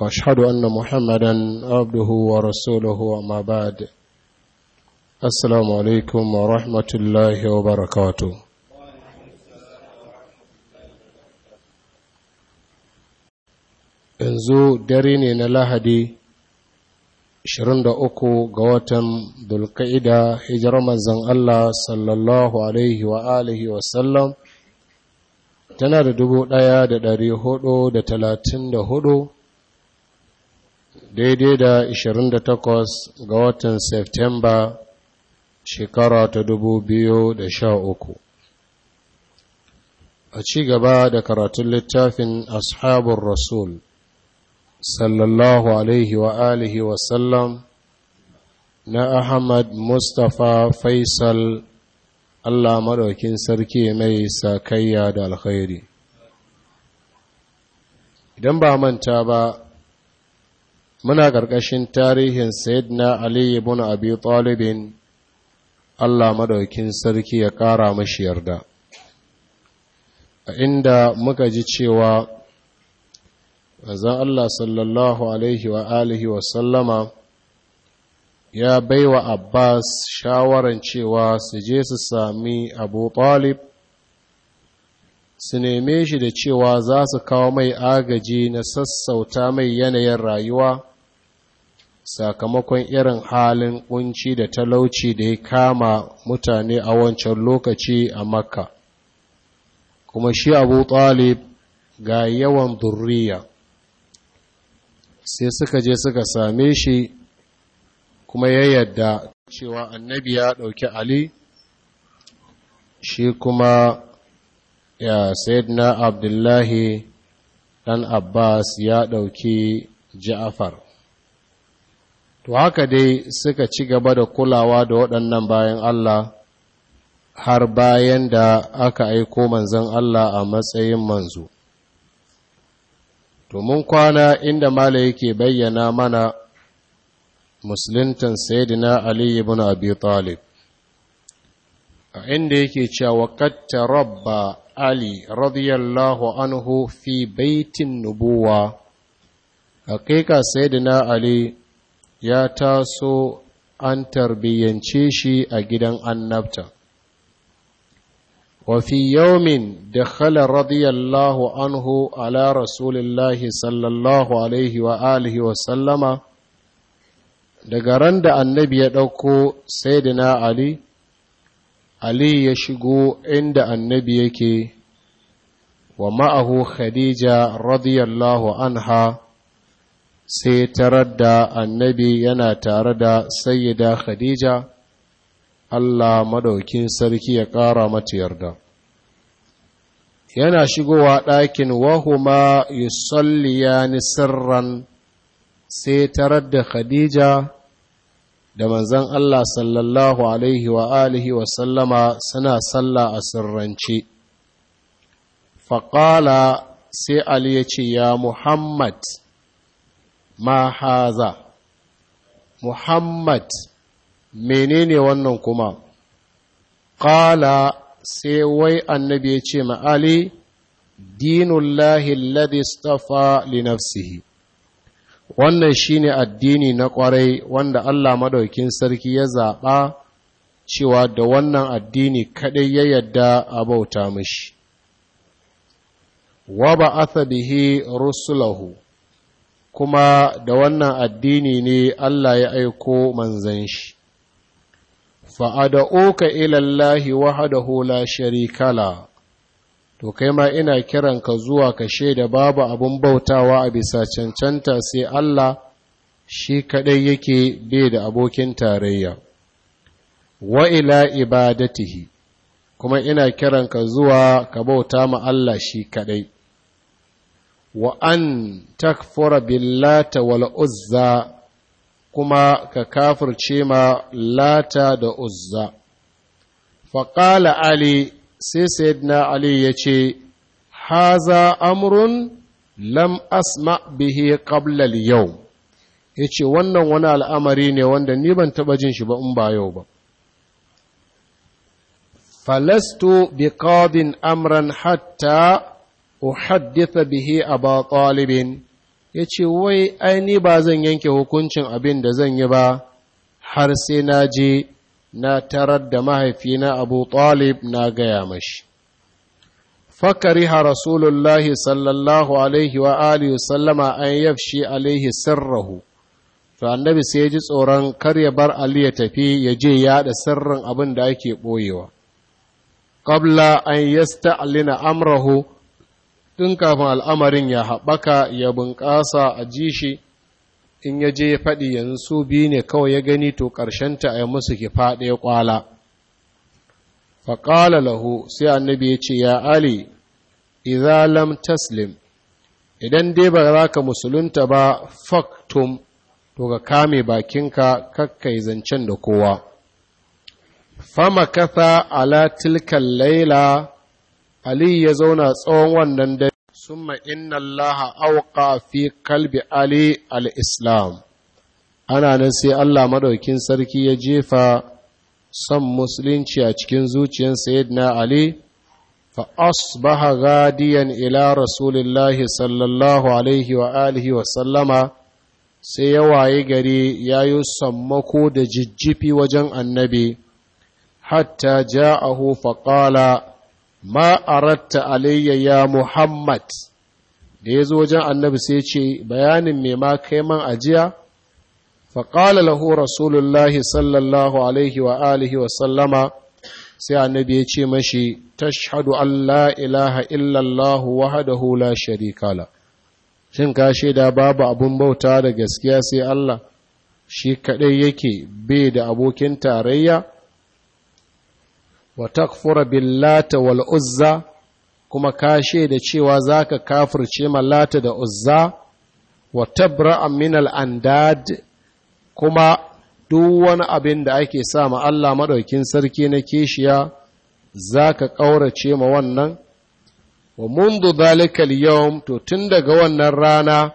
واشهد ان محمدا عبده ورسوله وما بعد السلام عليكم ورحمه الله وبركاته yanzu dare ne na lahadi 23 ga watan dulka'ida hijirar manzan Allah sallallahu alaihi wa alihi wasallam tana da 1434 daidai da 28 ga watan Septemba shekara ta 2013. A ci gaba da karatun littafin Ashabun Rasul, sallallahu Alaihi wa alihi wasallam, na Ahmad Mustapha Faisal Allah maɗaukin sarki mai sakayya da alkhairi. Idan ba manta ba muna ƙarƙashin tarihin na Aliyu bin abi talibin Allah maɗaukin sarki ya ƙara mashi yarda a inda muka ji cewa manzon Allah sallallahu alaihi wa alihi wa sallama ya baiwa Abbas shawaran cewa su je su sami Abu Talib su neme shi da cewa za su kawo mai agaji na sassauta mai yanayin rayuwa sakamakon irin halin kunci da talauci da ya kama mutane a wancan lokaci a makka kuma shi abu talib ga yawan durriya sai suka je suka same shi kuma ya yadda cewa annabi ya ɗauki ali shi kuma ya sayyidina abdullahi dan abbas ya ɗauki ja'afar to haka dai suka ci gaba da kulawa da waɗannan bayan allah har bayan da aka aiko manzon allah a matsayin manzo to mun kwana inda mala yake bayyana mana musuluntan sayyidina ali ibn abi talib a inda yake cewa waqatta rabba ali radiyallahu anhu fi baitin nubuwa haƙiƙa sayyidina ali ya taso an tarbiyyance shi a gidan annabta wa fi دخل dakhala الله anhu ala rasulillahi sallallahu alaihi wa alihi wa sallama. daga ran da annabi ya ɗauko sayyidina ali ali ya shigo inda annabi yake wa ma'ahu khadija radiyallahu anha sai tarar da annabi yana tare da sayyida khadija allah madaukin sarki ya ƙara mata yarda yana shigowa ɗakin wahuma yusalliya ni sirran sai tarar da khadija da manzan Allah sallallahu alaihi wa alihi wa sallama suna salla a sirrance faƙala sai Ali ya ce ya Muhammad ma haza Muhammad menene wannan kuma ƙala sai wai annabi ya ce ma Ali dinullahi alladhi istafa li nafsihi wannan shine addini na kwarai wanda Allah madaukin sarki ya zaɓa cewa da wannan addini kaɗai ya yadda a bauta mashi wa a bihi rusulahu kuma da wannan addini ne Allah ya aiko manzan shi ka ilallahi wahadahu la sharikala to kai ma ina kiran ka zuwa ka shaida babu abin bautawa a bisa cancanta sai Allah shi kaɗai yake bai da abokin tarayya wa ila ibadatihi kuma ina kiran ka zuwa ka bauta ma Allah shi kaɗai wa an takfura billata wal uzza kuma ka kafirce ma lata da uzza faƙala ali sai sayyidina ali ya ce haza amrun lam asma bihi qabla yau? yawm yace wannan wani al'amari ne wanda ni ban taɓa jin shi ba in ba yau ba falastu biqadin amran hatta uhadditha bihi aba talibin yace wai ai ni ba zan yanke hukuncin abin da zan yi ba har sai na je na tarar da mahaifina abu talib na gaya mashi fakariha rasulullahi sallallahu alaihi wa alihi sallama an yafshi alaihi sirrahu to annabi sai ya ji tsoron kar ya bar ali ya tafi ya je yaɗa sirrin abin da ake ɓoyewa qabla an yasta Alina amrahu tun kafin al'amarin ya haɓaka ya bunƙasa a ji shi in ya je ya faɗi yanzu su biyu ne kawai ya gani to ƙarshenta a yi musu kifa ɗaya ƙwala faƙala lahu sai annabi ya ce ya ali idza taslim idan dai ba za ka musulunta ba faktum to ka kame bakinka kakkai zancen da kowa fama kasa ala tilkan laila ali ya zauna tsawon wannan dare summa inna allaha fi kalbi ali al-islam ana nan sai Allah maɗaukin sarki ya jefa son musulunci a cikin zuciyar sayyidina ali fa asbaha gadiyan ila rasulillahi sallallahu alaihi wa wa sallama sai ya waye gari ya yi sammako da jijjifi wajen annabi hatta ja'ahu faqala ma aratta alayya ya muhammad da ya zo wajen annabi sai ce bayanin mai ma kai man ajiya faƙala lahu rasulullahi sallallahu alaihi wa alihi wa sallama sai annabi ya ce mashi tashhadu an la ilaha illallah wahdahu la sharika la shin ka shaida babu abun bauta da gaskiya sai Allah shi kaɗai yake bai da abokin tarayya wa takfura billata wal uzza kuma kashe da cewa zaka kafirce mallata da uzza wa tabra'a min al andad kuma duk wani abin da ake sa ma Allah maɗaukin sarki na kishiya zaka ƙaurace ma wannan wa mundu dhalika al to tun daga wannan rana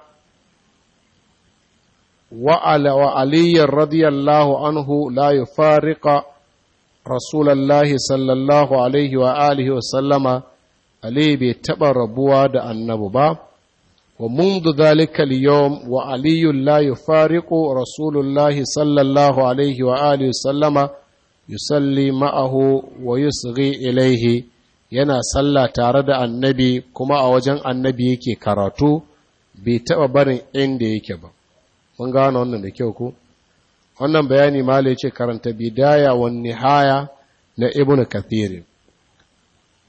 wa ala wa aliyyar radiyallahu anhu la yufariqa rasulallahi sallallahu alaihi wa wa sallama ali bai taɓa rabuwa da annabi ba wa mundu zalika al wa aliyu la yufariqu sallallahu alaihi wa wa sallama yusalli ma'ahu wa yusghi ilaihi yana sallah tare da annabi kuma a wajen annabi yake karatu bai taɓa barin inda yake ba mun gane wannan da kyau ko wannan bayani malai ce karanta bidaya wa nihaya na ibn kathir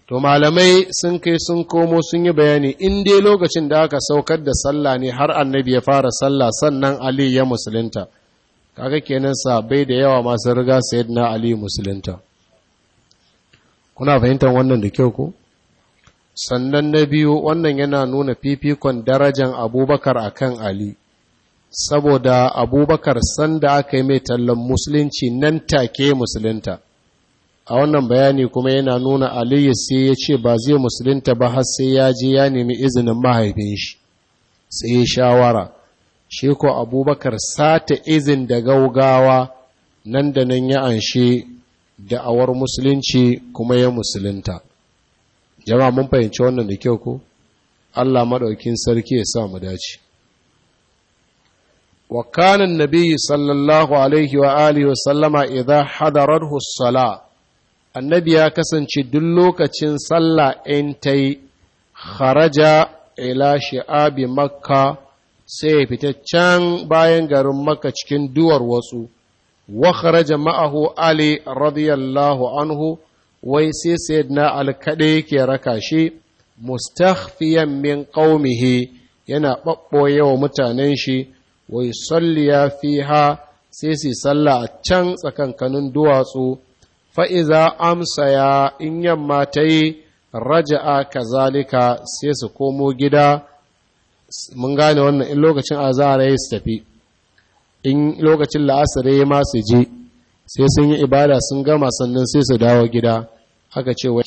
to malamai sun kai sun komo sun yi bayani in dai lokacin da aka saukar da sallah ne har annabi ya fara sallah sannan ali ya musulunta kaga kenan sa bai da yawa masu riga sayyidina ali musulunta kuna fahimtar wannan da kyau ko sannan na biyu wannan yana nuna fifikon darajan abubakar akan ali saboda abubakar sanda aka yi mai tallan musulunci nan take musulunta a wannan bayani kuma yana nuna aliyu sai ya ce ba zai musulunta ba har sai ya je ya nemi izinin mahaifin shi sai shawara shi ko abubakar sata izin da gaugawa nan da nan ya anshe da'awar musulunci kuma ya musulunta jama'a mun fahimci wannan da kyau ko Allah maɗaukin sarki ya sa mu dace wa Nabiyyu nabi sallallahu alaihi sala annabi ya kasance duk lokacin sallah in tai kharaja ila shi'abi makka sai ya fita can bayan garin makka cikin duwar wasu wa kharaja ma'ahu ali anhu wai sai na alkade ke raka shi mustafiyan min qaumihi yana babboye wa mutanen shi Wai wa fi ha sai su sallah a can tsakankanin duwatsu fa'iza ya in yamma ta yi raja'a kazalika sai su komo gida mun gane wannan in lokacin a ya su tafi in lokacin la’asirai ya masu je sai sun yi ibada sun gama sannan sai su dawo gida haka ce wai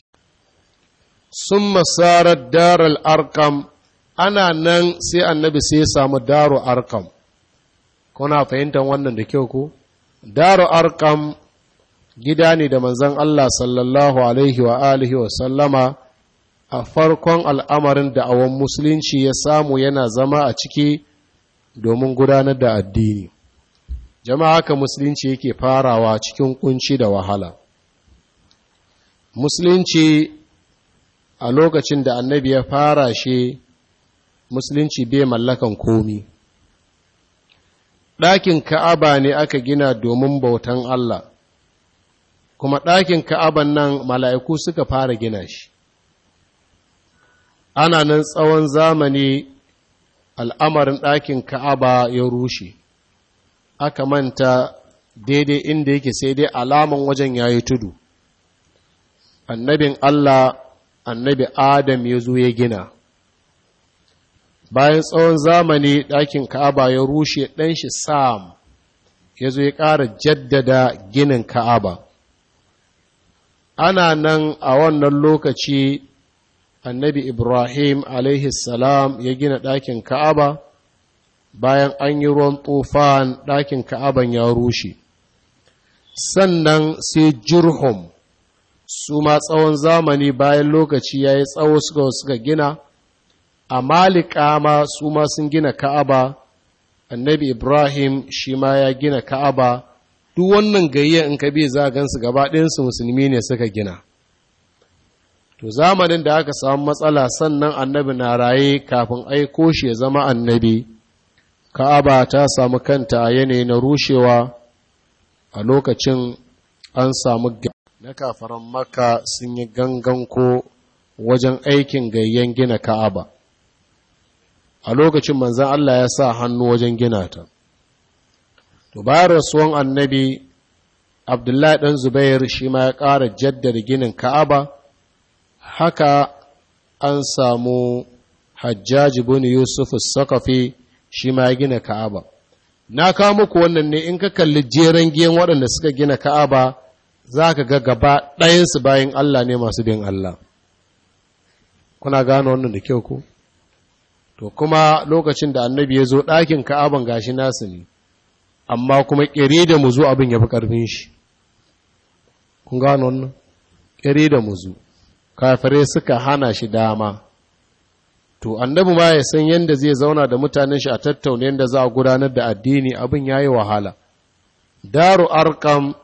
sun masarar darar arkam ana nan sai annabi sai ya samu daro arkam kuna fahimtar wannan da kyau ko daru arkam gida ne da manzon Allah sallallahu alaihi wa alihi wa sallama a farkon al'amarin da awon musulunci ya samu yana zama a ciki domin gudanar da addini jama'a haka musulunci yake farawa cikin kunci da wahala musulunci a lokacin da annabi ya fara shi musulunci bai mallakan komi ɗakin ka'aba ne aka gina domin bautan Allah kuma ɗakin ka'aban nan mala'iku suka fara gina shi ana nan tsawon zamani al'amarin ɗakin ka'aba ya rushe aka manta daidai inda yake sai dai alaman wajen ya yi tudu annabin Allah annabi Adam ya zo ya gina bayan tsawon zamani ɗakin ka'aba ya rushe ɗan shi sam ya zo ya ƙara jaddada ginin ka'aba ana nan a wannan lokaci annabi ibrahim salam ya gina ɗakin ka'aba bayan an yi ruwan tufan ɗakin ka'aban ya rushe sannan sai jurhum su ma tsawon zamani bayan lokaci ya yi tsawo suka suka gina a malika ma su ma sun gina ka'aba annabi ibrahim shi ma ya gina ka'aba duk wannan gayyar in ka bi za a gansu gaba ɗinsu musulmi ne suka gina to zamanin da aka samu matsala sannan annabi na raye kafin aiko shi ya zama annabi ka'aba ta samu kanta a yanayi na rushewa a lokacin an samu na kafaran maka sun yi gangan ko wajen aikin gayyan gina ka'aba a lokacin manzan Allah ya sa hannu wajen gina ta to rasuwan annabi abdullahi ɗan zubair shi ma ya ƙara jaddada ginin ka'aba haka an samu hajjaji bin yusuf sakafi shi ma ya gina ka'aba na kawo muku wannan ne in ka kalli jeren giyan waɗanda suka gina ka'aba za ka ga gaba ɗayansu bayan Allah ne masu bin Allah kuna gano wannan da kyau ku to kuma lokacin da annabi ya zo ɗakin ka'aban gashi nasu ne amma kuma ƙere da muzu abin ya fi ƙarfin shi kun gano nan ƙere da muzu kafirai suka hana shi dama to annabi ma ya san yadda zai zauna da mutanen shi a tattauna yadda za a gudanar da addini abin ya yi wahala daru arkam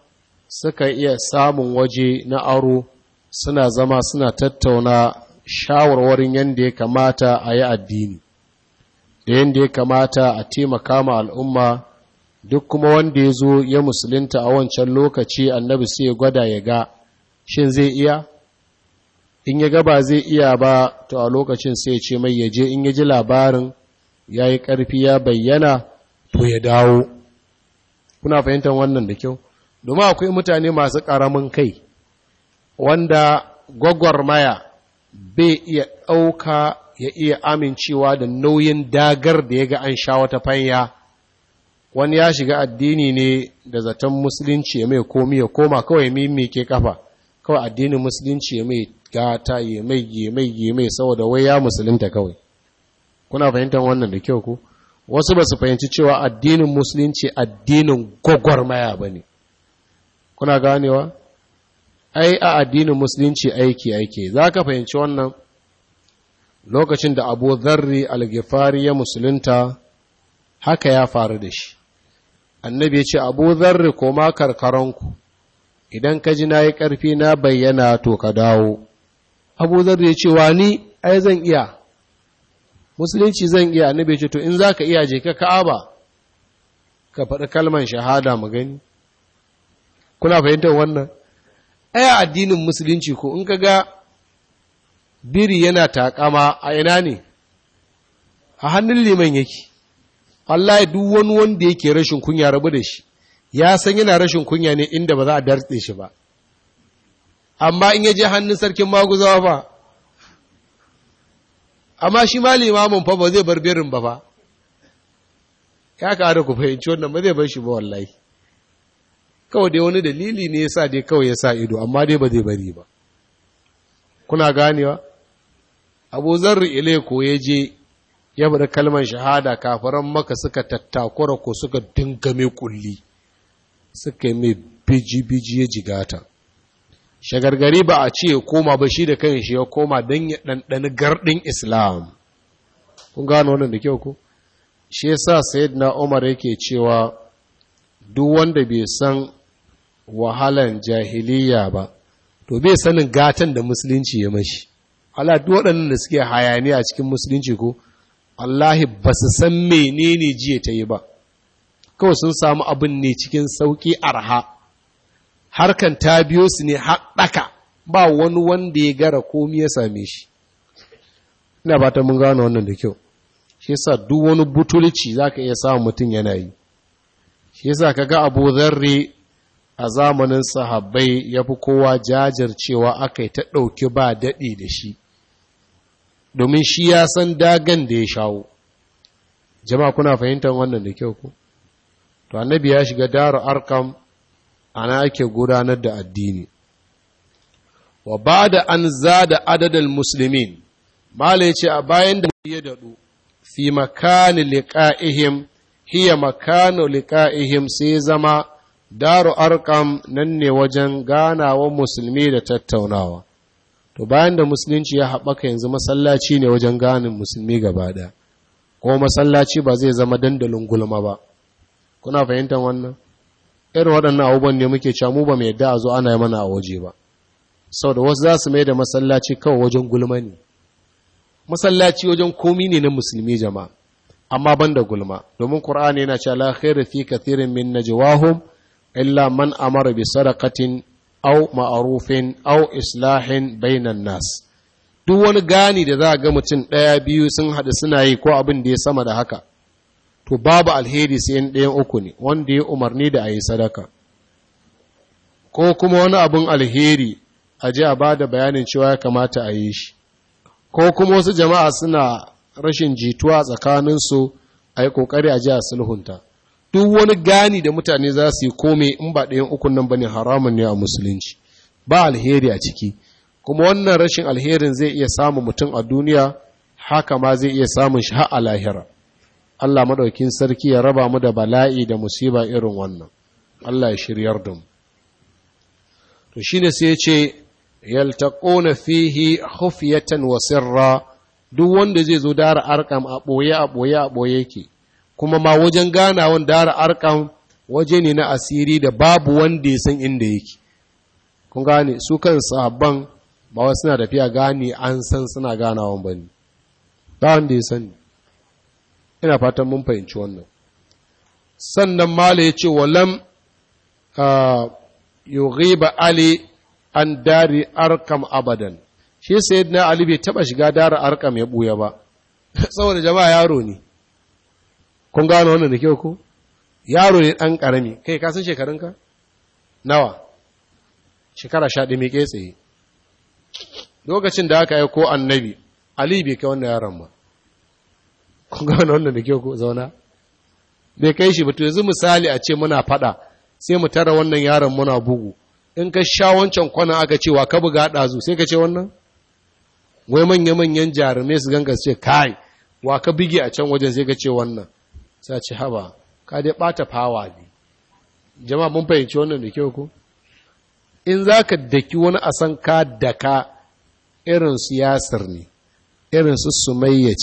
suka iya samun waje na aro suna zama suna tattauna shawarwarin yadda ya kamata a yi addini da yadda ya kamata a taimaka ma al'umma duk kuma wanda ya zo ya musulunta a wancan lokaci annabi sai ya gwada ya ga shin zai iya in ya gaba zai iya ba to a lokacin sai ce mai ya je in ya ji labarin ya yi ƙarfi ya bayyana to ya dawo kuna fahimtar wannan da kyau domin akwai mutane masu ƙaramin kai wanda gwagwarmaya bai iya ɗauka ya iya amincewa da nauyin dagar da ya ga an sha wata fanya wani ya shiga addini ne da zaton musulunci ya mai komi ya koma kawai ke kafa kawai addinin musulunci ya mai gata ya mai ya mai ya mai saboda wai ya musulunta kawai kuna fahimtar wannan da kyau ku wasu ba su fahimci cewa addinin musulunci addinin gwagwarmaya ba ne kuna ganewa ai a addinin musulunci aiki aiki za ka fahimci wannan lokacin da abu zarri algifari ya musulunta haka ya faru da shi annabi ya ce abu zarri koma karkaranku idan ka ji na yi ƙarfi na bayyana to ka dawo abu zarri ya ce wa ni? ai zan iya musulunci zan iya annabi ya ce to in za ka iya je ka ka'aba ka faɗi kalman shahada mu gani kuna fahimtar wannan ai addinin musulunci ko in ka ga biri yana takama a ina ne a hannun liman yake wallahi duk wani wanda yake rashin kunya rabu da shi ya san yana rashin kunya ne inda ba za a dartse shi ba amma in ya je hannun sarkin maguzawa ba amma shi ma limamin fa ba zai bar birin ba fa ya kada ku fahimci wannan ba zai bar shi ba wallahi kawai dai wani dalili ne yasa dai kawai ya sa ido amma dai ba zai bari ba kuna ganewa abu zarri ile ko ya je ya bada kalmar shahada kafaran maka suka tattakura ko suka dingame kulli suka yi mai biji-biji ya jigata shagargari ba a ce koma ba shi da kan shi ya koma don ya ɗanɗani garɗin islam kun gano wannan da kyau ku shi yasa na umar yake cewa duk wanda bai san wahalan jahiliya ba to bai sanin gatan da musulunci ya mashi ala duk waɗannan da suke hayaniya a cikin musulunci ko wallahi ba su san menene jiya ta yi ba kawai sun samu abin ne cikin sauƙi arha harkan ta biyo su ne haɗaka ba wani wanda ya gara komi ya same shi ina ba ta mun gano wannan da kyau shi yasa duk wani butulci ka iya samun mutum yana yi shi yasa ga Abu zarre a zamanin sahabbai ya fi kowa jajircewa aka yi ta ɗauki ba daɗi da shi domin shi ya san dagan da ya shawo jama kuna fahimtar wannan da kyau ku to annabi ya shiga dara arkam ana ake gudanar da addini wa ba da an zada adadin musulmin mala ya ce a bayan da ya daɗu fi makani liƙa'ihim hiya makani liƙa'ihim sai zama daru arkam nan ne wajen ganawa musulmi da tattaunawa to bayan da musulunci ya haɓaka yanzu masallaci ne wajen ganin musulmi gaba ɗaya ko masallaci ba zai zama dandalin gulma ba kuna fahimtar wannan irin waɗannan abubuwan ne muke cewa mu ba mai yadda a zo ana yi mana a waje ba sau da wasu za su mai da masallaci kawai wajen gulma ne masallaci wajen komi ne na musulmi jama'a amma ban da gulma domin ƙur'ani yana cewa la khairu fi kathirin min najwahum illa man amara bi sadaqatin aw ma'arufin au islahin bainan nas duk wani gani da za ga mutum ɗaya biyu sun haɗu suna yi ko abin da ya sama da haka to babu alheri sai in ɗayan uku ne wanda ya umarni da a yi sadaka ko kuma wani abin alheri a ji a bada bayanin cewa ya kamata a yi shi ko kuma wasu jama'a suna rashin jituwa tsakaninsu a yi ƙoƙari a ji a sulhunta duk wani gani da mutane za su yi kome in ba ɗayan ukun nan ne haramun ne a musulunci ba alheri a ciki kuma wannan rashin alherin zai iya samun mutum a duniya haka ma zai iya samun shi a lahira Allah maɗaukin sarki ya raba mu da bala'i da musiba irin wannan Allah ya shiryar da mu to shine sai ya ce yaltaquna fihi khufyatan wa duk wanda zai zo dara arkam a boye a boye a boye yake kuma ma wajen ganawan dara arkan waje ne na asiri da babu wanda ya san inda yake kun gane su kan sahabban ba wasu suna tafiya gane an san suna ganawan ba ne ba wanda ya sani ina fatan mun fahimci wannan sannan mala ya ce walam yughiba ali an dari arkam abadan shi sayyidina ali bai taba shiga dara arkam ya buya ba saboda jama'a yaro ne kun gano wannan da kyau ko yaro ne ɗan ƙarami kai ka san shekarunka nawa shekara sha ɗaya mai ƙetsaye lokacin da aka yi ko annabi ali bai kai wannan yaron ba kun gano wannan da kyau ko zauna bai kai shi ba to yanzu misali a ce muna faɗa sai mu tara wannan yaron muna bugu in ka sha wancan kwana aka ce wa ka buga ɗazu sai ka ce wannan wai manya-manyan jarumai su ganga su ce kai wa ka bige a can wajen sai ka ce wannan sai ce haba ka dai bata fawa ne jama'a mun fahimci wannan da kyau ko. in za ka daki wani a san ka daka irin su yasir ne irin su sumayya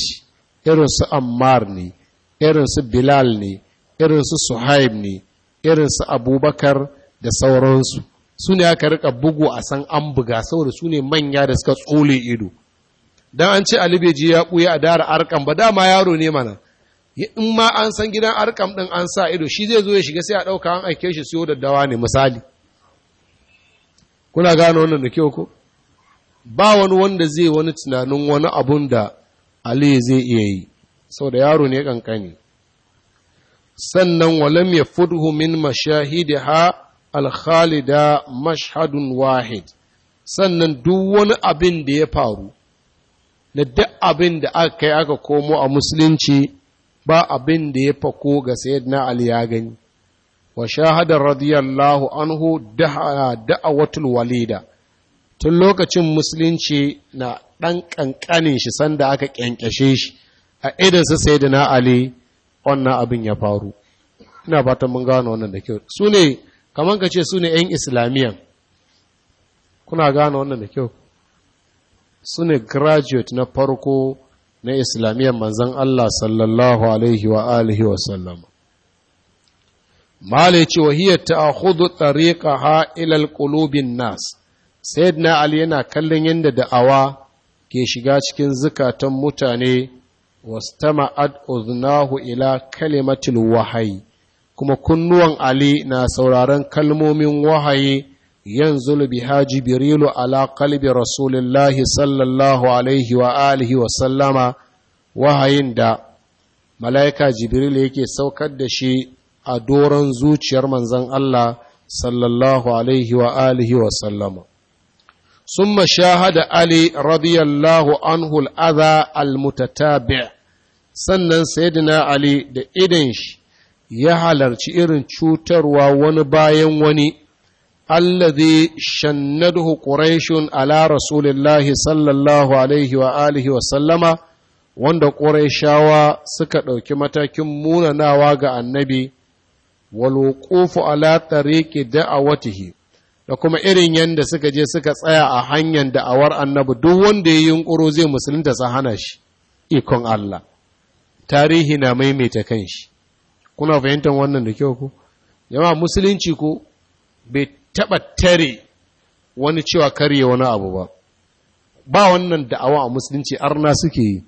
irin su ammar ne irin su bilal ne irin su suhaib ne irin su abubakar da sauransu su ne aka rika bugu a san an buga saboda su ne manya da suka tsole ido don an ce alibeji ya ɓuya a dara arkan ba dama yaro ne mana in ma an san gidan arkam ɗin an sa ido shi zai zo ya shiga sai a ɗauka an aike shi siyo daddawa ne misali kuna gano wannan da kyau ko ba wani wanda zai wani tunanin wani abun da ali zai iya yi sau da yaro ne kankani sannan walam ya fudhu min mashahidiha alkhalida mashhadun wahid sannan duk wani abin da ya faru da duk abin da aka kai aka komo a musulunci ba abin da ya fako ga sayyidina ali ya gani wa shahada radiyallahu anhu da'awatul walida tun lokacin musulunci na ɗan ƙanƙanin shi sanda aka kyankyashe shi a idan su da na ali wannan abin ya faru ina fatan mun gano wannan da kyau su ne kamar ka ce su ne 'yan islamiyan kuna gano wannan da kyau su ne graduate na farko na islamiyyar manzan Allah sallallahu alaihi wa alihi wa sallama. mala ce wa hiya ta'khudhu ha ƙulubin alqulubin nas na ali yana kallon yadda da'awa ke shiga cikin zukatan mutane Ad uznahu ila kalimatil wahayi kuma kunnuwan ali na sauraron kalmomin wahayi ينزل بها جبريل على قلب رسول الله صلى الله عليه وآله وسلم وهين دا ملائكة جبريل يكي سوكد دشي أدورا زوج يرمن زن الله صلى الله عليه وآله وسلم ثم شاهد علي رضي الله عنه الأذى المتتابع sannan sayyidina Ali da idan shi ya halarci irin cutarwa wani bayan wani allazi shannadahu quraishun ala rasulillahi sallallahu alaihi wa wa sallama wanda quraishawa suka ɗauki matakin munanawa ga annabi wal wuqufu ala tariqi da'awatihi da kuma irin yanda suka je suka tsaya a hanyar da'awar annabi duk wanda ya yunkuro zai musulunta sa hana shi ikon Allah tarihi na maimaita kanshi kuna fahimtar wannan da kyau ko jama'a musulunci ko bai taɓa tare wani cewa karye wani abu ba ba wannan da'awa a musulunci arna suke yi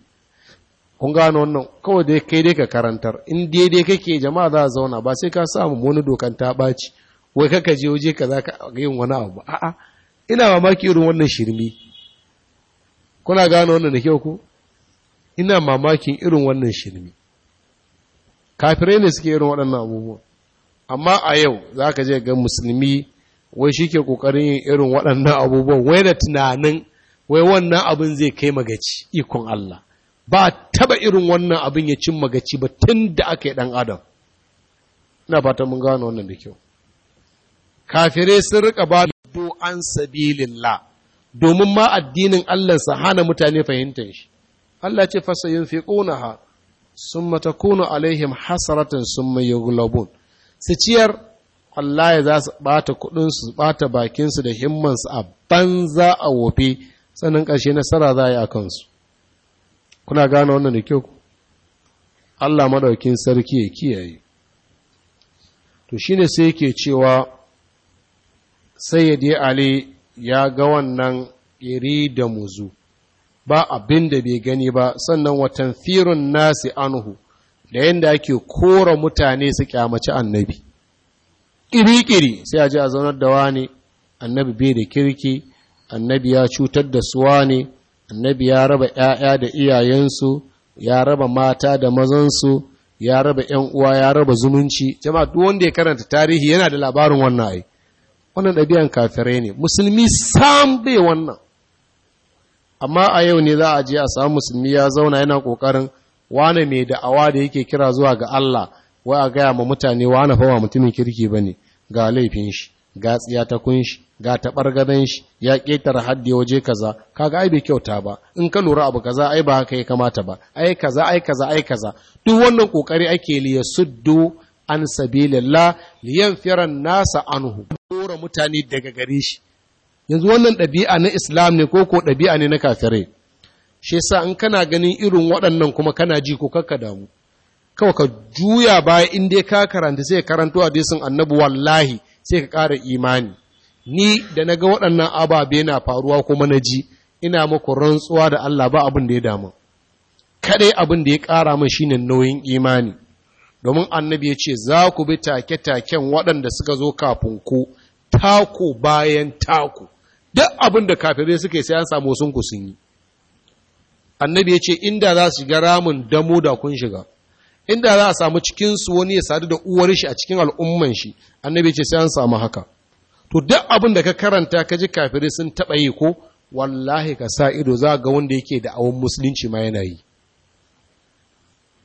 kun gano wannan kawai dai kai dai ka karantar in daidai kake jama'a za a zauna ba sai ka samu wani dokan ta ɓaci wai kaka je waje ka za ka yin wani abu a'a ina mamaki irin wannan shirmi kuna gano wannan da kyau ku ina mamakin irin wannan shirmi kafirai ne suke irin waɗannan abubuwa amma a yau za ka je ga musulmi wai shi ke ƙoƙarin yin irin waɗannan abubuwan wai da tunanin wai wannan abin zai kai magaci ikon Allah ba taba irin wannan abin ya cin magaci ba tun da aka yi ɗan adam ina fata mun gano wannan da kyau kafirai sun rika ba do an sabilillah domin ma addinin Allah sa hana mutane fahimtar shi Allah ce fasa yunfiqunaha sun matakuna alaihim hasratan summa yughlabun su ciyar wallahi za su ɓata kuɗinsu su ɓata bakinsu da himmansu a banza a wofe sannan ƙarshe nasara za a yi a kansu kuna gane wannan da kyau Allah maɗaukin sarki ya kiyaye to shi ne sai yake cewa sai ya je ali ya ga wannan iri da muzu ba abin da bai gani ba sannan watan firin nasi Anuhu, da yadda ake kora mutane su kyamaci annabi kirikiri sai a ji a zaunar da wani annabi bai da kirki annabi ya cutar da su wani annabi ya raba ‘ya'ya da iyayensu ya raba mata da mazansu ya raba ‘yan uwa ya raba zumunci jama'a duk wanda ya karanta tarihi yana da labarin wannan ai wannan ɗabi'an kafirai ne musulmi sam bai wannan amma a yau ne za a je a samu musulmi ya zauna yana ƙoƙarin wane mai da'awa da yake kira zuwa ga Allah wa a gaya ma mutane wa ana fama mutumin kirki ba ne ga laifin shi ga tsiya ta kun shi ga taɓar gadon shi ya ƙetare haddi waje kaza kaga ai bai kyauta ba in ka lura abu kaza ai ba haka ya kamata ba ai kaza ai kaza ai kaza duk wannan kokari ake li suddu an sabilillah li yanfiran nasa anhu dora mutane daga gare shi yanzu wannan ɗabi'a na islam ne koko ɗabi'a ne na kafirai shi yasa in kana ganin irin waɗannan kuma kana ji ko kakka damu kawai ka juya baya in dai ka karanta sai karanto hadisin annabi wallahi sai ka ƙara imani ni da na ga waɗannan ababe na faruwa kuma na ji ina muku rantsuwa da Allah ba abin da ya damu kadai abin da ya ƙara min shine nauyin imani domin annabi ya ce za ku bi take-taken waɗanda suka zo kafin ku taku bayan taku duk abin da kafirai suka yi sai samu sun ku sun yi annabi ya ce inda za su shiga ramin damo da kun shiga inda za a samu su wani ya sadu da uwar shi a cikin al'umman shi annabi ce sai an samu haka to duk abin da ka karanta ka ji kafiri sun taba yi ko wallahi ka sa ido za ga wanda yake da awon musulunci ma yana yi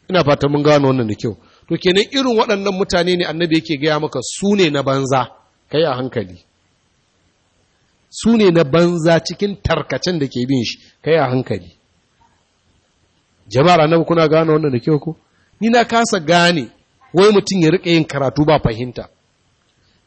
ina fata mun gano wannan da kyau to kenan irin waɗannan mutane ne annabi yake gaya maka su ne na banza ka a hankali su ne na banza cikin tarkacen da ke bin shi ka yi a hankali jama'ar annabi kuna gano wannan da kyau ko ni na kasa gane wai mutum ya riƙe yin karatu ba fahimta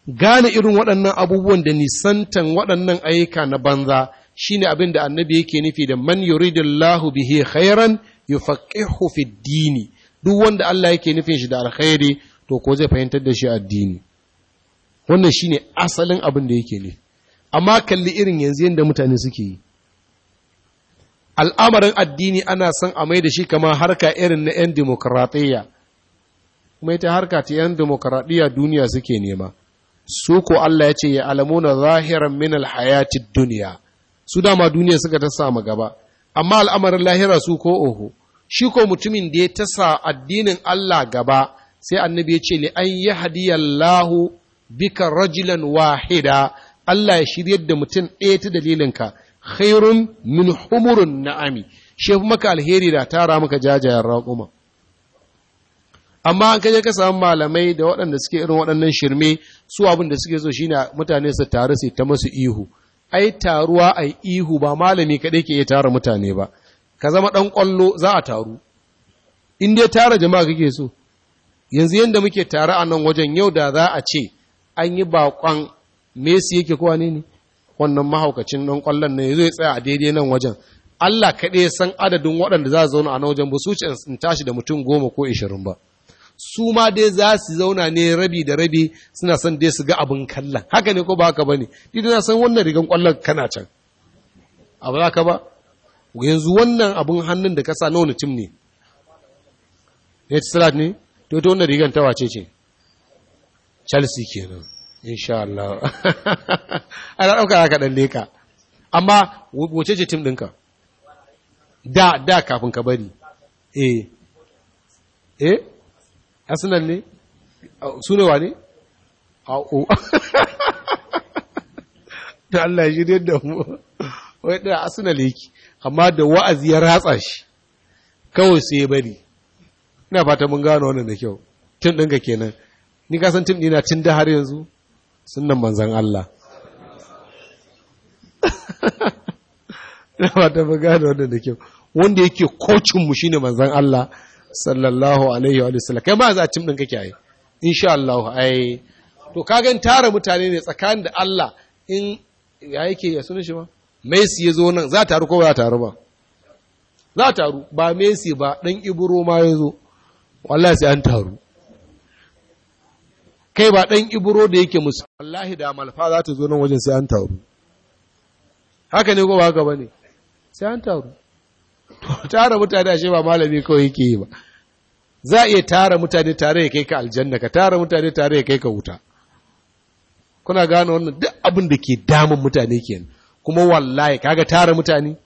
gane irin waɗannan abubuwan da nisantan waɗannan ayyuka na banza shine abin da annabi yake nufi da man yuridillahu bihi khairan yufaqihu fi dini duk wanda Allah yake nufin shi da alkhairi to ko zai fahimtar da shi a addini wannan shine asalin abin da yake ne amma kalli irin yanzu yadda mutane suke yi al'amarin addini ana son a mai da shi kama harka irin na 'yan demokaratiyya kuma ita harka ta 'yan demokaratiyya duniya suke nema su ko Allah ya ce ya alamu na zahiran min alhayati duniya su dama duniya suka ta samu gaba amma al'amarin lahira su ko oho shi ko mutumin da ya tasa addinin Allah gaba sai annabi ya ce li an yi lahu bika rajilan wahida Allah ya shiryar da mutum ɗaya ta dalilinka khairun min humurun na'ami shi fi maka alheri da tara maka jajayen raƙuma amma an kaje ka samu malamai da waɗanda suke irin waɗannan shirme su abin da suke so shine mutane su taru su ta musu ihu ai taruwa ai ihu ba malami kaɗai ke iya tara mutane ba ka zama ɗan ƙwallo za a taru in dai tara jama'a kake so yanzu yadda muke tare a nan wajen yau da za a ce an yi baƙon Messi yake kowa ne ne wannan mahaukacin ɗan ƙwallon ne zai tsaya a daidai nan wajen Allah kaɗai san adadin waɗanda za su zauna a nan wajen ba su ce in tashi da mutum goma ko ishirin ba su ma dai za su zauna ne rabi da rabi suna son dai su ga abin kallon haka ne ko ba haka ba ne idan na san wannan rigan ƙwallon kana can a ba ka ba yanzu wannan abin hannun da ka sa na wani tim ne ne salat ne to ita wannan rigan ta wace ce chelsea kenan insha Allah ana ɗauka aka ɗan leka amma wace ce tim ɗinka da da kafin ka bari eh eh arsenal ne su ne AO. da Allah ya shirye da mu wai da arsenal yake amma da wa'azi ya ratsa shi kawai sai ya bari ina fata mun gano wannan da kyau tim ɗinka kenan ni ka san tim ɗina tun da har yanzu sunan manzan Allah na ta buga da wanda da kyau wanda yake kocinmu shi ne manzan Allah sallallahu alaihi wa sallam kai ba za a cim ɗin kake yi sha Allah ai to kagan tara mutane ne tsakanin da Allah in ya yake ya sunan shi ba Messi ya zo nan za taru ko ba taru ba za taru ba Messi ba ɗan Ibro ma ya zo wallahi sai an taru kai ba ɗan ibro da yake musu wallahi da malfa za ta zo nan wajen sai an taru haka ne ko ba haka bane sai an taru to tara mutane ashe ba malami kawai yake yi ba za a iya tara mutane tare ya kai ka aljanna ka tara mutane tare ya kai ka wuta kuna gane wannan duk abin da ke damun mutane kenan kuma wallahi kaga tara mutane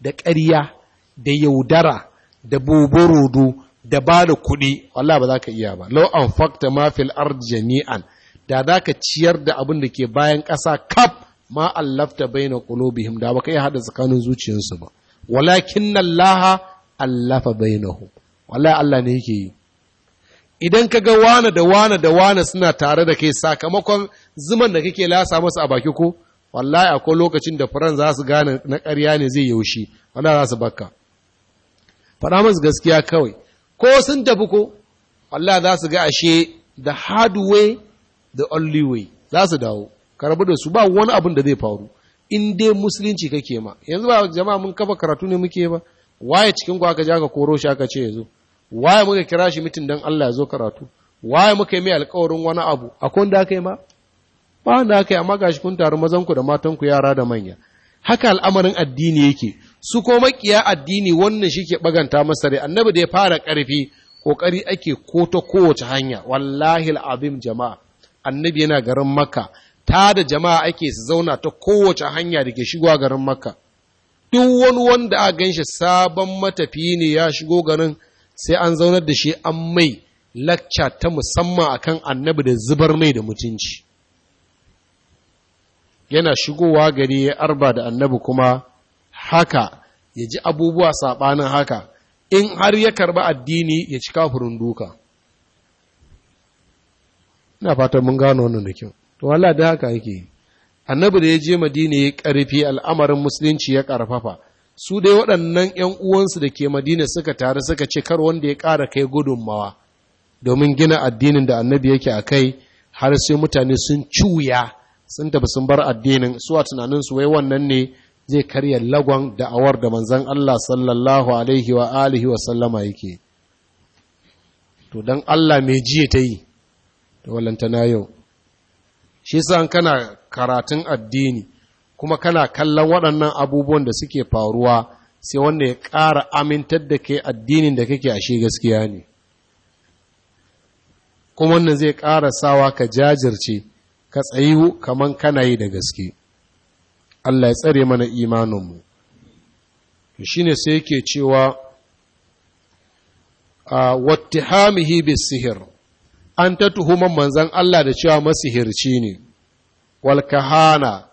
da ƙarya da yaudara da boborodo da ba da kuɗi Allah ba za ka iya ba lau an fakta ma fil ard jami'an da za ka ciyar da abin da ke bayan ƙasa kaf ma allafta baina qulubihim da ba ka iya hada tsakanin zuciyarsu ba walakin Allah allafa bainahu wallahi Allah ne yake yi idan ka ga wane da wane da wane suna tare da kai sakamakon zuman da kake lasa masu a baki ko wallahi akwai lokacin da furan za su gane na ƙarya ne zai yaushe wallahi za su bakka faɗa masu gaskiya kawai ko sun tafi ko Allah za su ga ashe da hard da the only way za su dawo karabu da su ba wani abin da zai faru in dai musulunci kake ma yanzu ba jama'a mun kafa karatu ne muke ba waye cikin ku aka ja ka koro shi aka ce yazo waye muka kira shi mitin don Allah ya zo karatu waye muka yi mai alkawarin wani abu akwai wanda aka yi ma ba wanda amma gashi kun taru mazan da matan yara da manya haka al'amarin addini yake su ko makiya addini wannan shi ke baganta masa annabi da ya fara ƙarfi ƙoƙari ake ko ta kowace hanya wallahi al'abim jama'a annabi yana garin makka ta da jama'a ake su zauna ta kowace hanya da ke shigowa garin makka duk wani wanda a ganshi sabon matafi ne ya shigo garin sai an zaunar da shi an mai lacca ta musamman akan annabi da zubar mai da mutunci yana shigowa gari ya arba da annabi kuma haka ya ji abubuwa saɓanin haka in har ya karɓi addini ya ci kafurin duka ina fatan mun gano wannan da kyau to wala da haka yake annabi da ya je madina ya karfi al'amarin musulunci ya karfafa su dai waɗannan ‘yan uwansu da ke madina suka taru suka ce kar wanda ya ƙara kai gudunmawa domin gina addinin da annabi yake a kai har sai mutane sun cuya sun tafi sun bar addinin su a tunaninsu wai wannan ne zai karya lagon da'awar da manzan Allah sallallahu alaihi wa alihi wa sallama yake to don Allah mai jiya ta yi da na yau shi sa kana karatun addini kuma kana kallon waɗannan abubuwan da suke faruwa sai wanda ya ƙara amintar da ke addinin da kake ashe gaskiya ne kuma wannan zai ƙara sawa ka jajirce ka tsayi kaman kana yi da gaske Allah ya tsare mana imaninmu shi ne sai yake cewa a hamihi bi sihir an ta tuhuman manzan Allah da cewa masihirci ne walkahana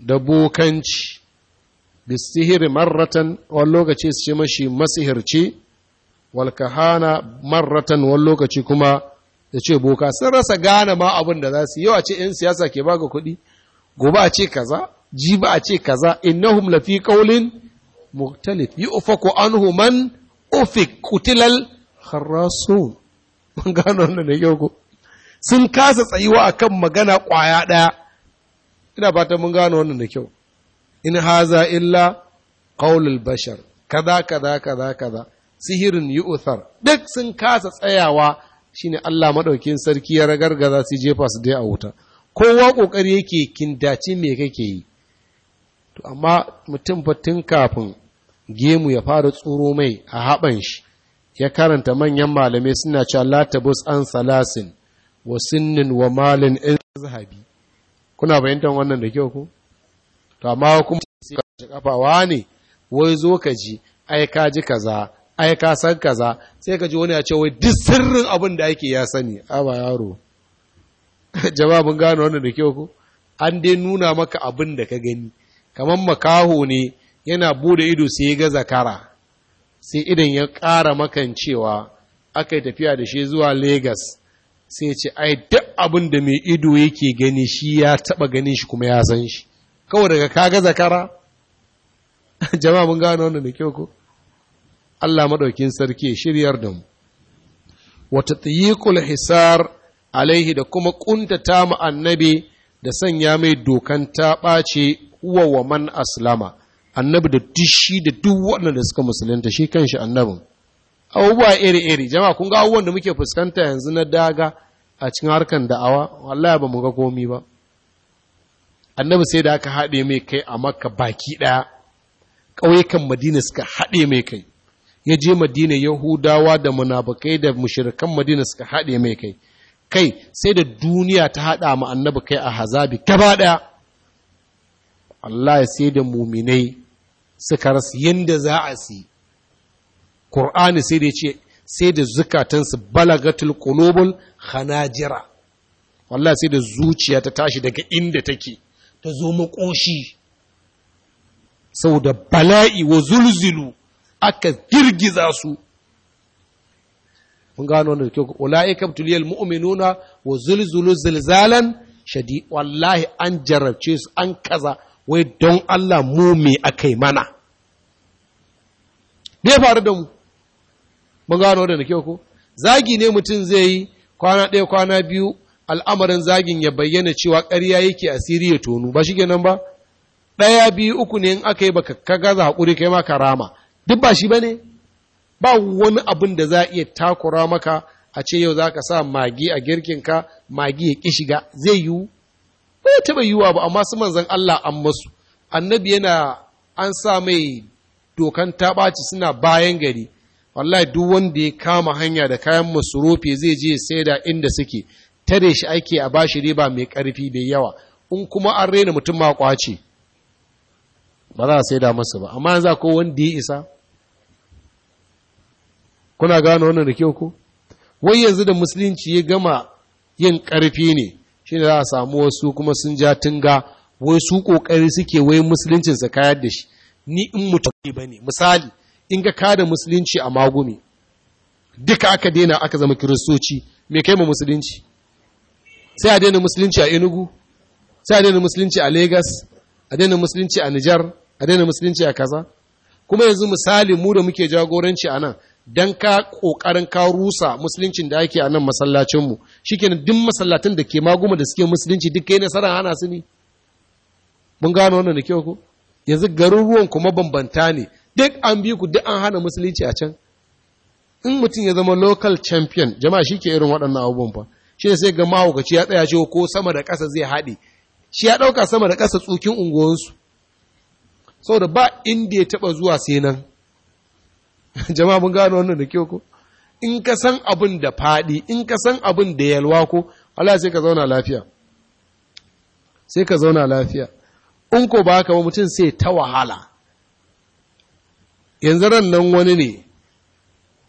da bokanci bi sihir marratan wani lokaci su ce mashi masihirci walkahana marratan wani lokaci kuma da ce boka sun rasa gane ma abin da za su yi a ce 'yan siyasa ke baka kuɗi gobe a ce kaza ji ba a ce kaza innahum fi qaulin mukhtalif yufaku anhu man ufik kutilal kharasun mun gano wannan da yau sun kasa tsayuwa akan magana kwaya daya ina fata mun gano wannan da kyau in haza illa qaulul bashar kaza kaza kaza kaza sihirin yu'thar duk sun kasa tsayawa shine Allah maɗaukin sarki ya ragar ragargaza su jefa su dai a wuta kowa ƙoƙari yake kindaci me kake yi to amma mutum fa tun kafin gemu ya fara tsoro mai a haɓan shi ya karanta manyan malamai suna cewa latabus tabus an salasin wa sinnin wa malin in zahabi kuna bayyantar wannan da kyau ko to amma kuma sai ka wa ne wai zo ka ji ai ka ji kaza ai ka san kaza sai ka ji wani ya ce wai duk sirrin abin da ake ya sani a ba yaro jama'a mun gano wannan da kyau ko an dai nuna maka abin da ka gani kamar makaho ne yana bude ido sai ya ga zakara sai idan ya ƙara cewa aka yi tafiya da shi zuwa Legas sai ce ai duk abin da mai ido yake gani shi ya taɓa ganin shi kuma ya san shi kawai daga ka ga zakara jama'a mun gano wannan da kyau ko Allah madaukin sarki shiryar da mu wa tatyiqul hisar alaihi da kuma kuntata mu annabi da sanya mai dokan ta ɓace huwa wa man aslama annabi da dishi da duk waɗanda suka musulunta shi kanshi annabin abubuwa iri-iri jama'a kun ga abubuwan da muke fuskanta yanzu na daga a cikin harkan da'awa wallahi ba mu ga komi ba annabi sai da aka haɗe mai kai a makka baki ɗaya ƙauyukan madina suka haɗe mai kai ya je madina yahudawa da munafukai da mushirikan madina suka haɗe mai kai kai sai da duniya ta haɗa ma annabi kai a hazabi gaba ɗaya Allah sai da muminai suka rasu yadda za a si ƙur'ani sai da ce sai da zukatansu balagatul qulubul hanajira. wallahi sai da zuciya ta tashi daga inda take ta zo makoshi da bala'i wa zulzulu aka girgiza su mun gano da kyau ulaika tuliyal mu'uminuna wa zulzulu zilzalan shadi wallahi an jarabce su an kaza wai don Allah mu me aka yi mana me ya faru da mu mun gano da kyau ko zagi ne mutum zai yi kwana ɗaya kwana biyu al'amarin zagin ya bayyana cewa ƙarya yake asiri ya tonu ba shi nan ba ɗaya biyu uku ne in aka yi baka ka gaza haƙuri kai maka rama duk ba shi ba ne ba wani abin da za a iya takura maka a ce yau za ka sa magi a girkinka magi ya ƙi shiga zai yiwu bai taɓa yiwa ba amma su manzan Allah an masu annabi yana an sa mai dokan taɓaci suna bayan gari wallahi duk wanda ya kama hanya da kayan masurufi zai je saida inda suke tare shi ake a bashi riba mai karfi mai yawa in kuma an rena mutum ma kwace ba za a saida masa ba amma yanzu ko wanda ya isa kuna gano wannan da kyau ko wai yanzu da musulunci ya gama yin karfi ne shi da za a samu wasu kuma sun ja tunga wai su ƙoƙari suke wai musuluncin sa kayar da shi ni in mutum ba ne misali in ga kada musulunci a magumi duka aka daina aka zama kiristoci me kai ma musulunci sai a daina musulunci a enugu sai a daina musulunci a Legas, a daina musulunci a nijar a daina musulunci a kaza kuma yanzu misali mu da muke jagoranci a nan don ka ƙoƙarin ka rusa musuluncin da ake a nan masallacinmu shikenan duk masallatan da ke maguma da suke musulunci duk kai nasarar hana su ne mun gano wannan da kyau ko yanzu garuruwan kuma bambanta ne duk an bi ku duk an hana musulunci a can in mutum ya zama local champion jama'a shi ke irin waɗannan abubuwan fa shi sai ga mahaukaci ya tsaya cewa ko sama da ƙasa zai haɗe shi ya ɗauka sama da ƙasa tsukin unguwansu saboda ba inda ya taɓa zuwa sai nan jama'a mun gano wannan da kyau ko in ka san abin da faɗi in ka san abin da yalwa ko Allah sai ka zauna lafiya sai ka zauna lafiya in ko ba ka ba mutum sai ta wahala yanzu ran nan wani ne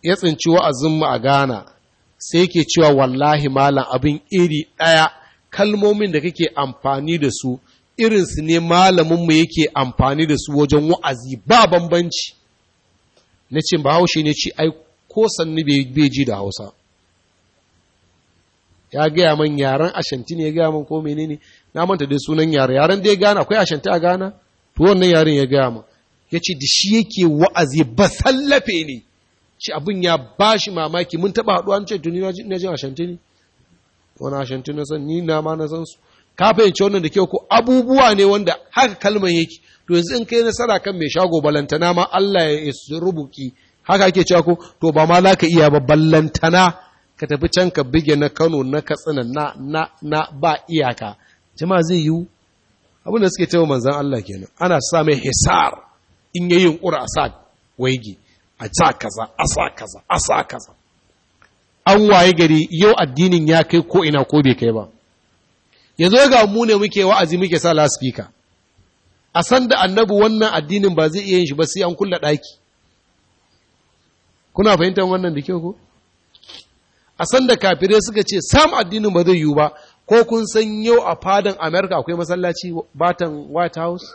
ya tsinci wa'azinmu a Ghana sai ke cewa wallahi malam abin iri ɗaya kalmomin da kake amfani da su irinsu ne malaminmu yake amfani da su wajen wa'azi ba bambanci na ce ba haushi ne ce ai ko sannu bai ji da hausa ya gaya man yaren ashanti ne ya gaya man ko menene na manta dai sunan yare yaren da ya gana akwai ashanti a gana to wannan yaren ya gaya man ya ce da shi yake wa'azi ba sallafe ne shi abin ya ba shi mamaki mun taɓa haɗuwa an ce tuni na jin ashanti ne wani ashanti na san ni na ma na san su ka fahimci wannan da kyau ko abubuwa ne wanda haka kalman yake to yanzu in kai nasara kan mai shago balantana ma Allah ya rubuki haka ake cewa ko to ba ma za ka iya ba ballantana ka tafi can ka bige na Kano na Katsina na na ba iyaka jama zai yi abin suke tewa manzon Allah kenan ana sa mai hisar in yin yunkura a sa waigi a sa kaza a sa kaza a sa kaza an waye gari yau addinin ya kai ko ina ko bai kai ba yanzu ga mu ne muke wa'azi muke sa lasifika a san da annabi wannan addinin ba zai iya yin shi ba sai an kulla ɗaki kuna fahimtar wannan da kyau ko a sanda kafirai suka ce sam addinin ba zai yiwu ba ko kun san yau a fadan america akwai masallaci batan white house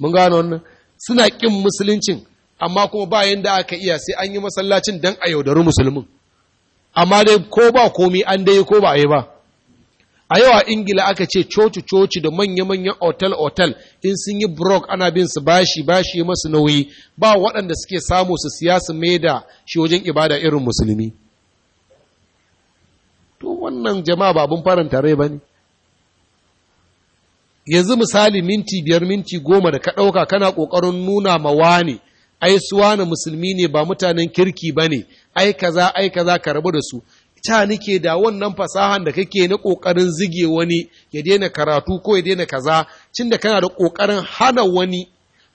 mun gano wannan suna ƙin musuluncin amma kuma ba yanda aka iya sai an yi masallacin don a yaudari musulmin amma dai ko ba komi an dai ko ba a yi ba a yau a ingila aka ce coci-coci da manya-manyan otal-otal in sun yi brok ana bin su bashi bashi masu nauyi ba waɗanda suke samu su siyasa su maida shi wajen ibada irin musulmi to wannan jama'a ba abin faranta rai ba ne yanzu misali minti biyar minti goma da ka ɗauka kana ƙoƙarin nuna ma ne. ai suwa na musulmi ne ba mutanen kirki ba ne ai kaza ai kaza ka rabu da su ta nike da wannan fasahan da kake na ƙoƙarin zige wani ya daina karatu ko ya daina kaza cin da kana da ƙoƙarin hana wani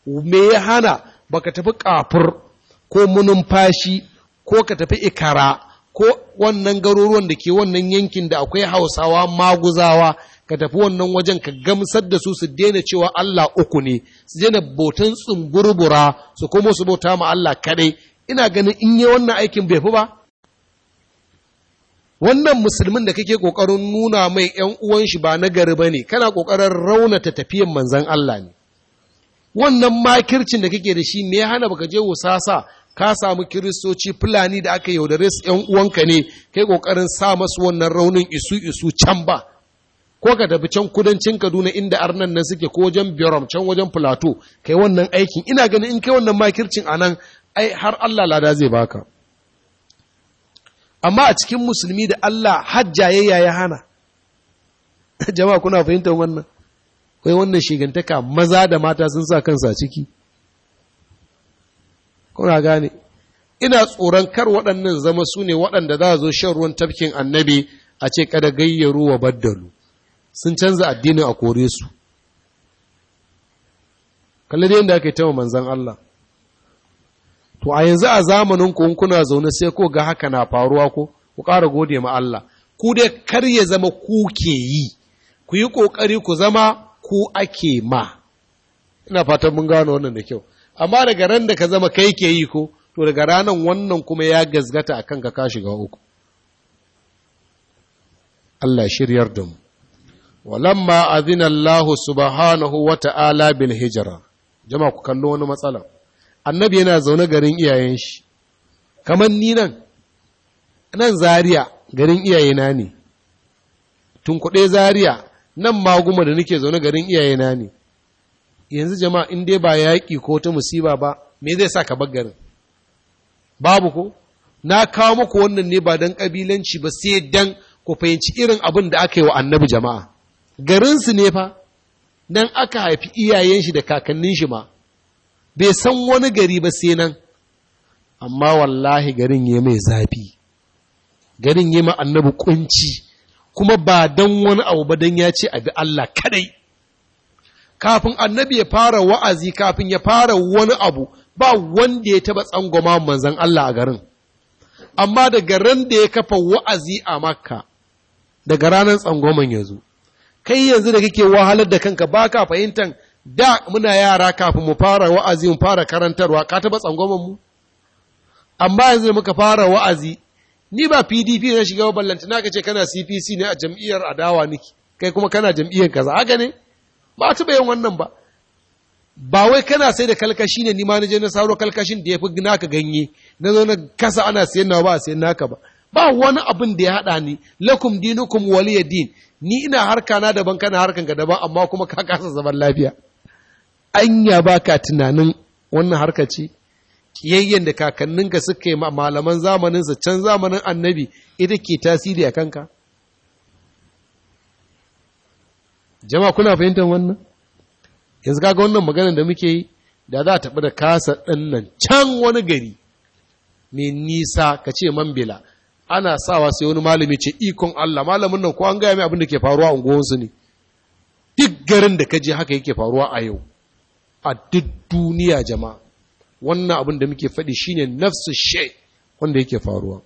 me ya hana ba ka tafi kafur ko munumfashi ko ka tafi ikara ko wannan garuruwan da ke wannan yankin da akwai hausawa maguzawa ka tafi wannan wajen ka gamsar da su su daina cewa Allah uku ne su daina botan tsumburbura su kuma su bauta ma Allah kaɗai ina ganin in yi wannan aikin bai fi ba wannan musulmin da kake kokarin nuna mai yan uwan shi ba na gari bane kana kokarin raunata tafiyan manzon Allah ne wannan makircin da kake da shi me ya hana baka je wusasa ka samu kiristoci fulani da aka yaudare su ƴan uwanka ne kai kokarin sa masu wannan raunin isu isu can ba ko ka tafi can kudancin Kaduna inda arnan nan suke ko wajen Biram can wajen Plateau kai wannan aikin ina ganin in kai wannan makircin anan ai har Allah lada zai baka amma a cikin musulmi da Allah hajjayayya ya hana jama'a kuna fahimtar wannan kai wannan shigantaka maza da mata sun sa kansa ciki kuna gane ina tsoron kar waɗannan zama su ne waɗanda za zo shan ruwan tafkin annabi a ce kada gayyaru wa baddalu sun canza addinin a kore su kalli da yadda aka yi tawa manzan Allah to a yanzu a zamanin ku kuna zaune sai ko ga haka na faruwa ko ku ƙara gode ma Allah ku dai kar ya zama ku ke yi ku yi ƙoƙari ku zama ku ake ma ina fatan mun gano wannan da kyau amma daga ran da ka zama kai ke yi ko to daga ranan wannan kuma ya gazgata a kanka ka shiga uku Allah shiryar da mu walamma azina Allah subhanahu wa ta'ala bil hijra jama'a ku kallo wani matsala annabi yana zaune garin iyayen shi kamar ni nan nan Zariya garin iyayena ne tun kuɗe nan maguma da nake zaune garin iyayena ne yanzu jama'a in dai ba yaƙi ko ta musiba ba me zai sa ka bar garin babu ko na kawo muku wannan ne ba don ƙabilanci ba sai don ku fahimci irin abin da aka yi wa annabi jama'a garinsu ne fa nan aka haifi iyayen shi da kakannin shi ma bai san wani gari ba sai nan amma wallahi garin ya mai zafi garin ya ma annabi kunci kuma ba don wani abu ba don ya ce abi Allah kadai kafin annabi ya fara wa'azi kafin ya fara wani abu ba wanda ya taba tsangoma manzan Allah a garin amma daga ran da ya kafa wa'azi a makka daga ranar tsangoman ya zo kai yanzu da kake wahalar da kanka ba ka fahimtar da muna yara kafin mu fara wa'azi mu fara karantarwa ka taɓa tsangwamin mu amma yanzu muka fara wa'azi ni ba PDP na shiga ballanta na ce kana CPC ne a jam'iyyar adawa niki kai kuma kana jam'iyyar kaza haka ne ba a taɓa yin wannan ba ba wai kana sai da kalkashi ne ma na je na sauro kalkashin da ya fi naka ganye na zo na kasa ana sayan nawa ba a sayan naka ba ba wani abin da ya haɗa ni lakum dinukum waliyadin ni ina harka na daban kana harkan ka daban amma kuma ka kasa zaman lafiya anya baka tunanin wannan harka ce ƙiyayyen da kakanninka suka yi malaman zamaninsa can zamanin annabi ita ke tasiri a kanka jama'a kuna fahimtar wannan yanzu kaga wannan maganar da muke yi da za a taɓa da kasa ɗin nan can wani gari mai nisa ka ce man bela ana sawa sai wani malami ce ikon Allah malamin nan ko an gaya mai abin da ke faruwa a unguwarsu ne duk garin da ka je haka yake faruwa a yau a duk duniya jama'a wannan abin da muke faɗi shine nafsu she wanda yake faruwa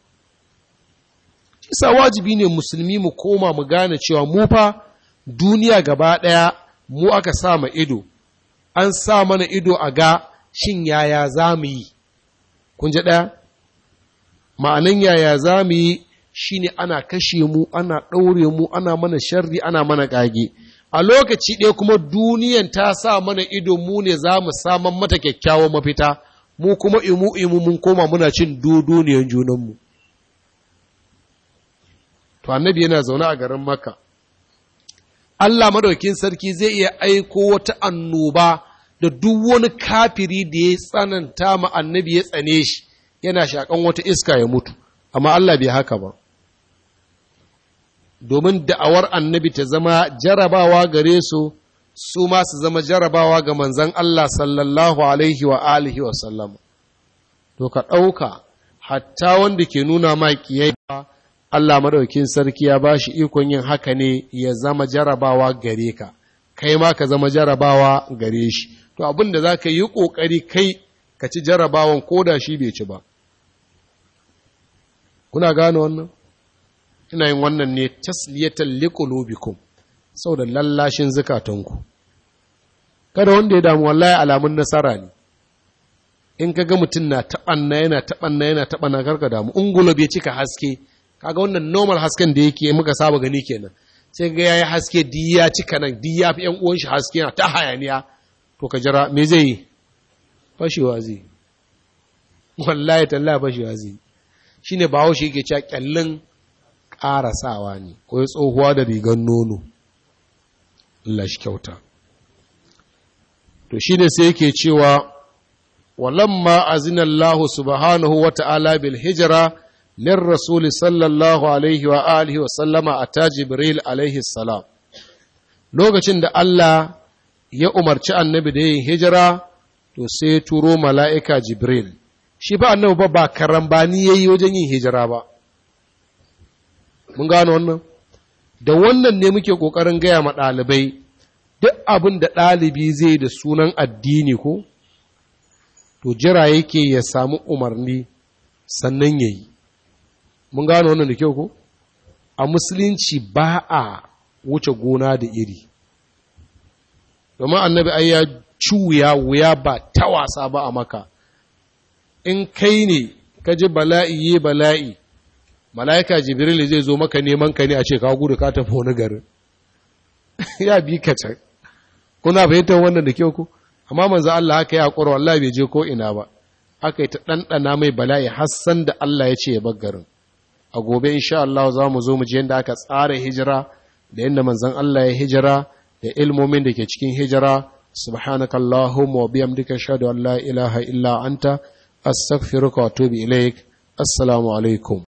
isa wajibi ne musulmi mu koma mu gane cewa mu fa duniya gaba ɗaya mu aka sa ma ido an sa mana ido a ga shin yaya za mu yi kun ji ɗaya ma'anan yaya za mu yi shine ana kashe mu ana ɗaure mu ana mana sharri ana mana ƙage a lokaci ɗaya kuma duniyan ta sa mana ido mu ne za mu saman mata kyakkyawan mafita mu kuma imu imu mun koma muna cin duniyan junanmu to annabi yana zaune a garin maka Allah madaukin sarki zai iya aiko wata annoba da duk wani kafiri da ya tsananta ma annabi ya tsane shi yana shakan wata iska ya mutu amma Allah bai haka ba domin da'awar annabi ta zama jarabawa gare su su ma zama jarabawa ga manzan Allah sallallahu alaihi wa alihi wa sallam. to ka ɗauka hatta wanda ke nuna ma ƙiyayya Allah maɗaukin sarki ya ba shi ikon yin haka ne ya zama jarabawa gare ka kai ma ka zama jarabawa gare shi to abin da za ka yi ƙoƙari kai ka ci jarabawan ko da shi bai ci ba kuna gane wannan ina yin wannan ne tasliyatan sau da lallashin zukatanku kada wanda ya damu wallahi alamun nasara ne in ka ga mutum na taɓanna yana taɓanna yana taɓanna karka damu ungulab ya cika haske kaga wannan normal hasken da yake muka saba gani kenan sai ga yayi haske di cika nan di fi yan uwan shi haske yana ta hayaniya to ka jira me zai yi fashewa zai wallahi tallahi fashewa zai shine bawo shi yake cewa kyallin ƙarasawa ne ko tsohuwa da rigar nono Lash kyauta to shine sai yake cewa walamma azina Allah subhanahu wa ta'ala bil hijra lir rasul sallallahu alaihi wa alihi wa sallama ata jibril alaihi salam lokacin da Allah ya umarci annabi da yin hijira to sai turo mala'ika jibril shi ba annabi ba ba karambani yayi wajen yin hijira ba mun gano wannan da wannan ne muke ƙoƙarin gaya ma ɗalibai duk abin da ɗalibi zai da sunan addini ko to jira yake ya samu umarni sannan ya yi mun gano wannan da kyau ko a musulunci ba a wuce gona da iri domin annabi ai ya cuya wuya ba ta wasa ba a maka in kai ne ka ji bala'i yi bala'i mala'ika jibril zai zo maka neman ka ne a ce ka gudu ka tafi wani garin ya bi ka can kuna fahimtar wannan da kyau ku amma manzo Allah haka ya hakura wallahi bai je ko ina ba yi ta ɗanɗana mai bala'i hassan da Allah ya ce ya bar garin a gobe insha Allah za mu zo mu je yadda aka tsara hijira da yadda manzon Allah ya hijira da ilmomin da ke cikin hijira subhanaka allahumma wa bihamdika ashhadu an la ilaha illa anta astaghfiruka wa atubu ilaik assalamu alaikum